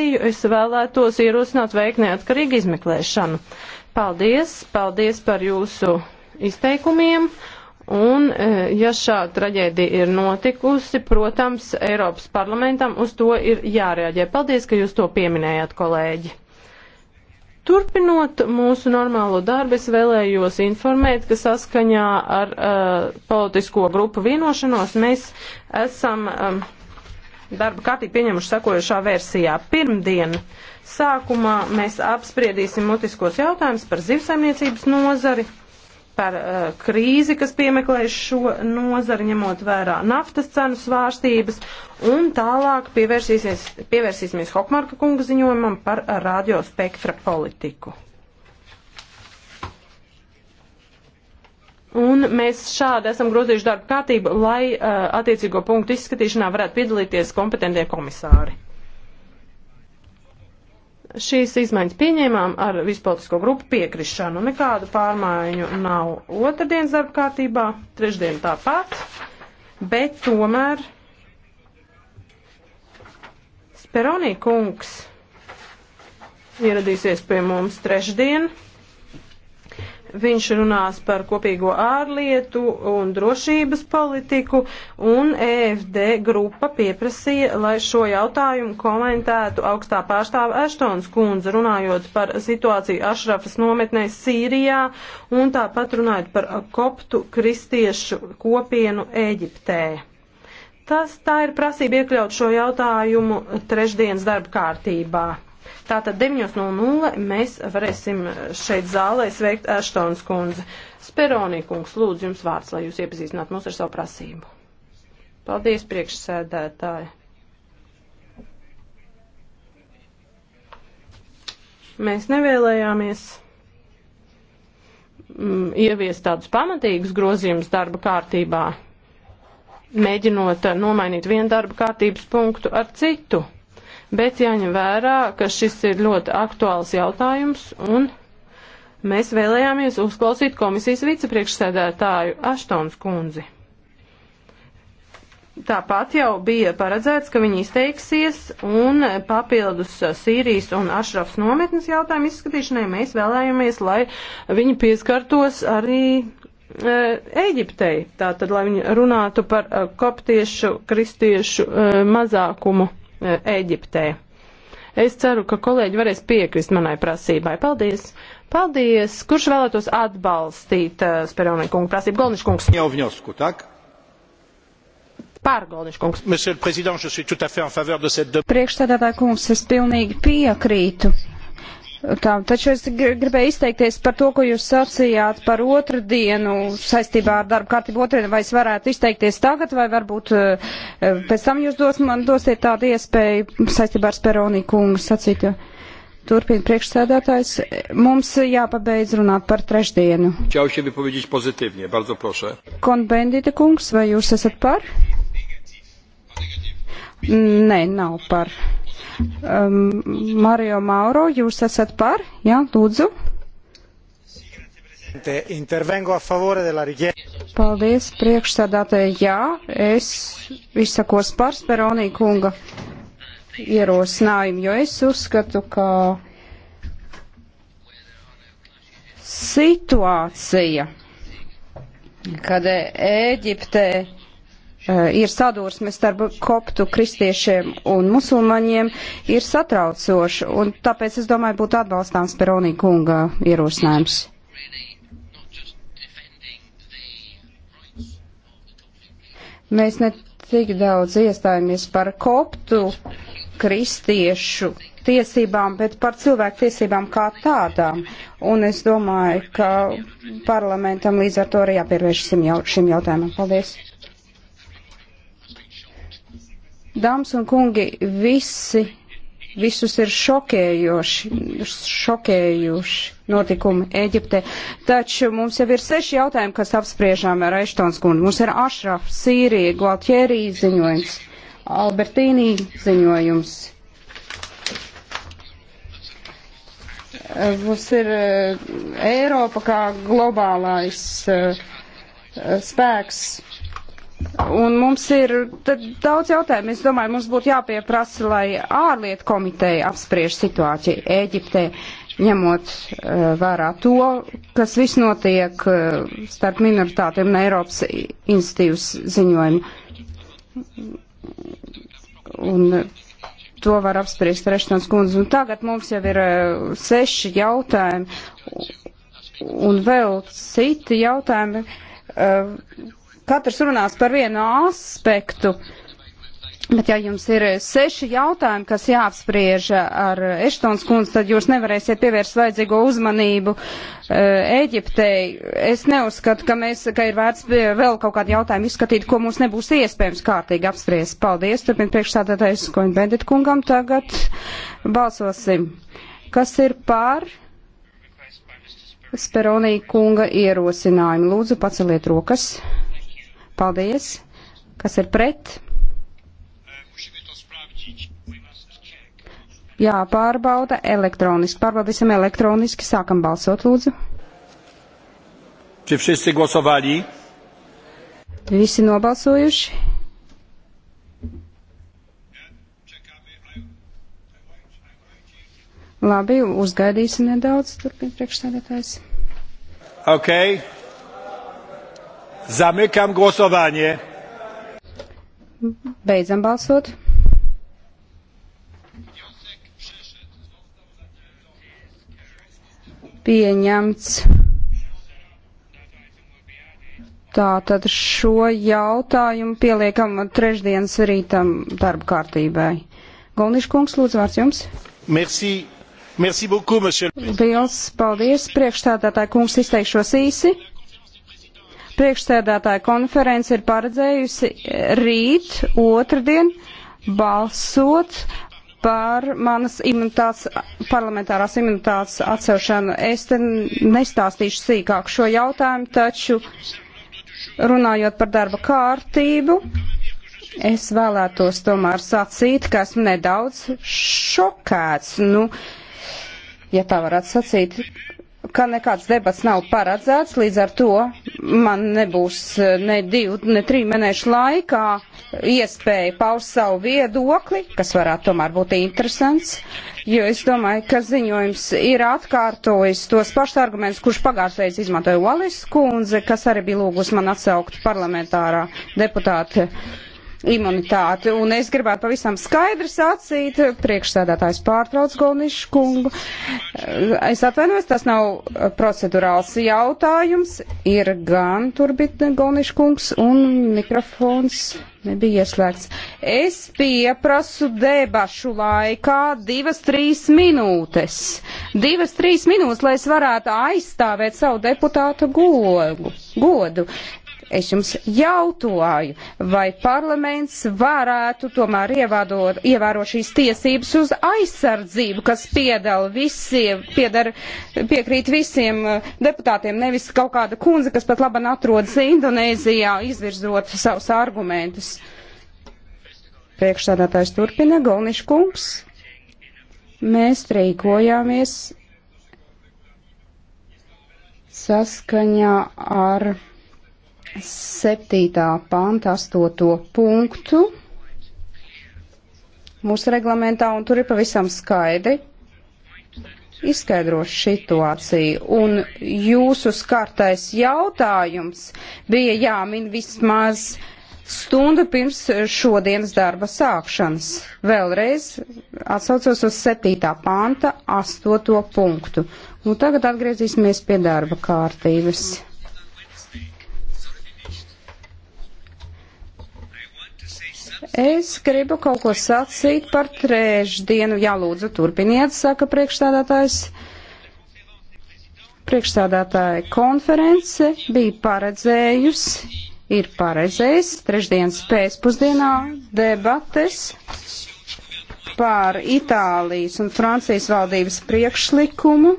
partiju, es vēlētos ierosināt veikt neatkarīgu izmeklēšanu. Paldies, paldies par jūsu izteikumiem. Un, e, ja šāda traģēdija ir notikusi, protams, Eiropas parlamentam uz to ir jārēģē. Paldies, ka jūs to pieminējāt, kolēģi. Turpinot mūsu normālo darbu, es vēlējos informēt, ka saskaņā ar uh, politisko grupu vienošanos mēs esam. Um, darba kārtību pieņemuši sekojošā versijā. Pirmdien sākumā mēs apspriedīsim mutiskos jautājumus par zivsaimniecības nozari, par uh, krīzi, kas piemeklēs šo nozari, ņemot vērā naftas cenu svārstības, un tālāk pievērsīsies, pievērsīsimies Hokmarka kunga ziņojumam par radiospektra politiku. Un mēs šādi esam grozījuši darbu kārtību, lai uh, attiecīgo punktu izskatīšanā varētu piedalīties kompetentie komisāri. Šīs izmaiņas pieņēmām ar vispolitisko grupu piekrišanu. Nekādu pārmaiņu nav otrdienas darba kārtībā, trešdien tāpat, bet tomēr Speronī kungs ieradīsies pie mums trešdien. Viņš runās par kopīgo ārlietu un drošības politiku, un EFD grupa pieprasīja, lai šo jautājumu komentētu augstā pārstāva Eštons kundze, runājot par situāciju Ašrafas nometnē Sīrijā, un tāpat runājot par koptu kristiešu kopienu Eģiptē. Tas tā ir prasība iekļaut šo jautājumu trešdienas darba kārtībā. Tātad 9.00 mēs varēsim šeit zālē sveikt Ashtons kundzi. Speronī kungs, lūdzu jums vārds, lai jūs iepazīstinātu mūs ar savu prasību. Paldies, priekšsēdētāji. Mēs nevēlējāmies mm, ieviest tādus pamatīgus grozījumus darba kārtībā, mēģinot nomainīt vienu darba kārtības punktu ar citu bet jāņem vērā, ka šis ir ļoti aktuāls jautājums un mēs vēlējāmies uzklausīt komisijas vicepriekšsēdētāju Aštons kundzi. Tāpat jau bija paredzēts, ka viņi izteiksies un papildus Sīrijas un Ašrafs nometnes jautājumu izskatīšanai mēs vēlējāmies, lai viņi pieskartos arī Ēģiptei, e, tātad, lai viņi runātu par e, koptiešu, kristiešu e, mazākumu. E, Eģiptē. Es ceru, ka kolēģi varēs piekrist manai prasībai. Paldies! Paldies! Kurš vēlētos atbalstīt uh, Speroni kungu prasību? Golniš kungs. Jau vņosku, tak? Pār, Golniš kungs. Priekšsēdētāj kungs, es pilnīgi piekrītu Tā, taču es gribēju izteikties par to, ko jūs sacījāt par otrdienu saistībā ar darba kārtību otrdienu. Vai es varētu izteikties tagad, vai varbūt eh, pēc tam jūs dos, man dosiet tādu iespēju saistībā ar Speronī kungu sacīt, jo turpina priekšsēdētājs. Mums jāpabeidz runāt par trešdienu. Konbendita kungs, vai jūs esat par? Nē, nav par. Um, Mario Mauro, jūs esat par? Jā, lūdzu. Paldies, priekšsādātāji. Jā, es izsakos par Speronī kunga ierosinājumu, jo es uzskatu, ka situācija, kad Ēģiptē Eh, ir sadursmes starp koptu kristiešiem un musulmaņiem, ir satraucoši, un tāpēc es domāju būtu atbalstāms Peronī kunga ierosinājums. Mēs ne tik daudz iestājamies par koptu kristiešu tiesībām, bet par cilvēku tiesībām kā tādām. Un es domāju, ka parlamentam līdz ar to arī jāpievērš šim jautājumam. Paldies! Dāmas un kungi, visi, visus ir šokējoši, šokējuši notikumi Eģipte. Taču mums jau ir seši jautājumi, kas apspriežām ar Eštons kundu. Mums ir Ašraf, Sīrija, Gualtjērī ziņojums, Albertīnī ziņojums. Mums ir eh, Eiropa kā globālais eh, spēks Un mums ir daudz jautājumu. Es domāju, mums būtu jāpieprasa, lai ārlietu komiteja apspriež situāciju Ēģiptē, ņemot uh, vērā to, kas viss notiek uh, starp minoritātiem un Eiropas institīvas ziņojumu. Un to var apspriest Reštons kundze. Un tagad mums jau ir uh, seši jautājumi un vēl citi jautājumi. Uh, katrs runās par vienu aspektu. Bet ja jums ir seši jautājumi, kas jāapspriež ar Eštons kundzi, tad jūs nevarēsiet pievērst vajadzīgo uzmanību eh, Ēģiptei. Es neuzskatu, ka, mēs, ka ir vērts vēl kaut kādu jautājumu izskatīt, ko mums nebūs iespējams kārtīgi apspriest. Paldies, turpin priekšstādātais Koņa Bendit kungam. Tagad balsosim. Kas ir par Speronī kunga ierosinājumu? Lūdzu, paceliet rokas. Paldies. Kas ir pret? Jā, pārbauda elektroniski. Pārbaudīsim elektroniski. Sākam balsot, lūdzu. Czy wszyscy głosowali? Visi nobalsojuši. Labi, uzgaidīsim nedaudz, turpina priekšsēdētājs. Okay. Zamykam głosowanie. Beidzam balsot. Pieņemts. Tātad šo jautājumu pieliekam trešdienas rītam darba kārtībai. Golniša kungs, lūdzu, vārds jums. Merci. Merci beaucoup, monsieur. Liels paldies, priekšstādātāji kungs, izteikšos īsi priekšsēdētāja konference ir paredzējusi rīt, otrdien, balsot par manas imunitātes, parlamentārās imunitātes atcelšanu. Es te nestāstīšu sīkāk šo jautājumu, taču runājot par darba kārtību, es vēlētos tomēr sacīt, ka esmu nedaudz šokēts. Nu, ja tā varētu sacīt, ka nekāds debats nav paredzēts, līdz ar to man nebūs eh, ne divu, ne trīs mēnešu laikā iespēja paust savu viedokli, kas varētu tomēr būt interesants, jo es domāju, ka ziņojums ir atkārtojis tos pašus argumentus, kurš pagājušreiz izmantoja Valis kundze, kas arī bija lūgus man atsaukt parlamentārā deputāte imunitāti. Un es gribētu pavisam skaidri sacīt, priekšsēdētājs pārtrauc Golnišu kungu. Es atvainojos, tas nav procedurāls jautājums, ir gan turbit Golnišu kungs un mikrofons nebija ieslēgts. Es pieprasu debašu laikā divas, trīs minūtes. Divas, trīs minūtes, lai es varētu aizstāvēt savu deputātu godu. godu. Es jums jautāju, vai parlaments varētu tomēr ievādot, ievēro šīs tiesības uz aizsardzību, kas piedala visiem, piedar, piekrīt visiem eh, deputātiem, nevis kaut kāda kundze, kas pat laban atrodas Indonēzijā, izvirzot savus argumentus. Priekšstādātājs turpina, Golnišs kungs. Mēs rīkojāmies saskaņā ar 7. panta 8. punktu mūsu reglamentā, un tur ir pavisam skaidri izskaidros situāciju. Un jūsu skartais jautājums bija jāmin vismaz stundu pirms šodienas darba sākšanas. Vēlreiz atsaucos uz 7. panta 8. punktu. Un tagad atgriezīsimies pie darba kārtības. Mm. Es gribu kaut ko sacīt par trešdienu. Jā, lūdzu, turpiniet, saka priekšstādātājs. Priekšstādātāja konference bija paredzējusi, ir paredzējusi trešdienas pēcpusdienā debates par Itālijas un Francijas valdības priekšlikumu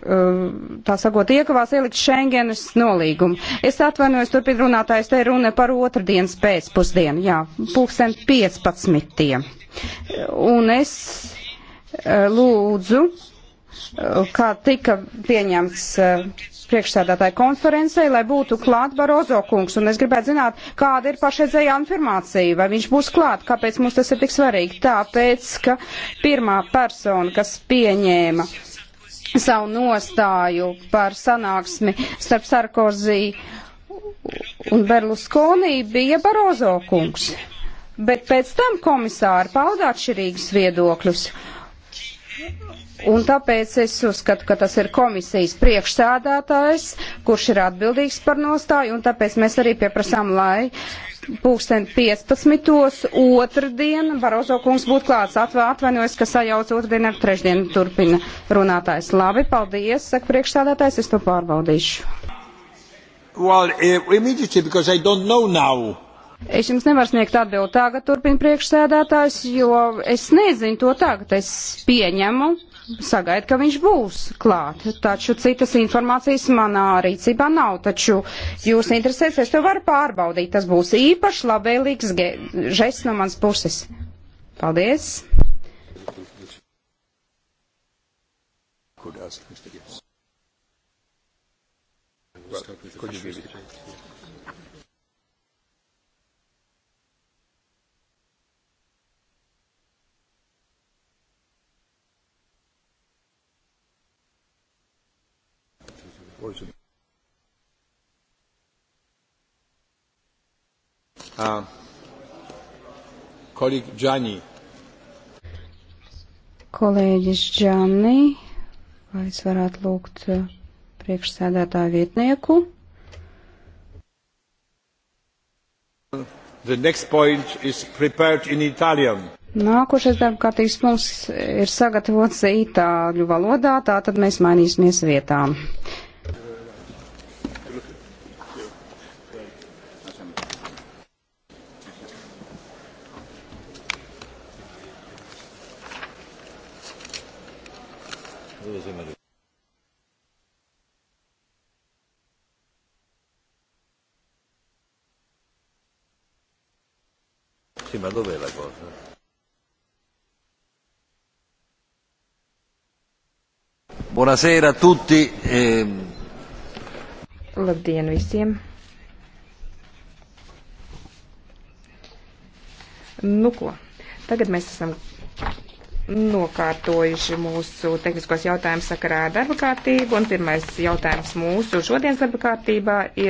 Eh, tā sakot, iekavās ielikt Schengenas nolīgumu. Es atvainojos, turpin runātājs, te runa par otrdienas pēcpusdienu, jā, pulksten 15. Un es eh, lūdzu, eh, kā tika pieņemts priekšsēdētāja konferencei, lai būtu klāt Barozo kungs. Un es gribētu zināt, kāda ir pašreizējā informācija, vai viņš būs klāt, kāpēc mums tas ir tik svarīgi. Tāpēc, ka pirmā persona, kas pieņēma uh, savu nostāju par sanāksmi starp Sarkozī un Berluskonī bija Barozo kungs. Bet pēc tam komisāri pauda atšķirīgus viedokļus. Un tāpēc es uzskatu, ka tas ir komisijas priekšsēdētājs, kurš ir atbildīgs par nostāju, un tāpēc mēs arī pieprasām, lai pūksteni 15. otrdien Barozo kungs būtu klāts. Atvainojos, ka sajauc otrdien ar trešdienu turpina runātājs. Labi, paldies, saka priekšstādātājs, es to pārbaudīšu. Well, uh, es jums nevaru sniegt atbildi tagad, turpina priekšsēdētājs, jo es nezinu to tagad, es pieņemu, sagaida, ka viņš būs klāt. Taču citas informācijas manā rīcībā nav. Taču jūs interesēs, es to varu pārbaudīt. Tas būs īpaši labvēlīgs žests no manas puses. Paldies! Poison. Uh, colleague Gianni. Kolēģis Gianni, vai es varētu lūgt uh, priekšsēdētāju vietnieku? The next point is prepared in Italian. Nākošais darba kārtības punkts ir sagatavots itāļu valodā, tātad mēs mainīsimies vietām. Sì, ma dov'è la cosa? Buonasera a tutti. Eh... Labdien visiem. Nu ko, tagad mēs esam nokārtojuši mūsu tehniskos jautājumus sakarā ar darba kārtību, un pirmais jautājums mūsu šodienas darba kārtībā ir.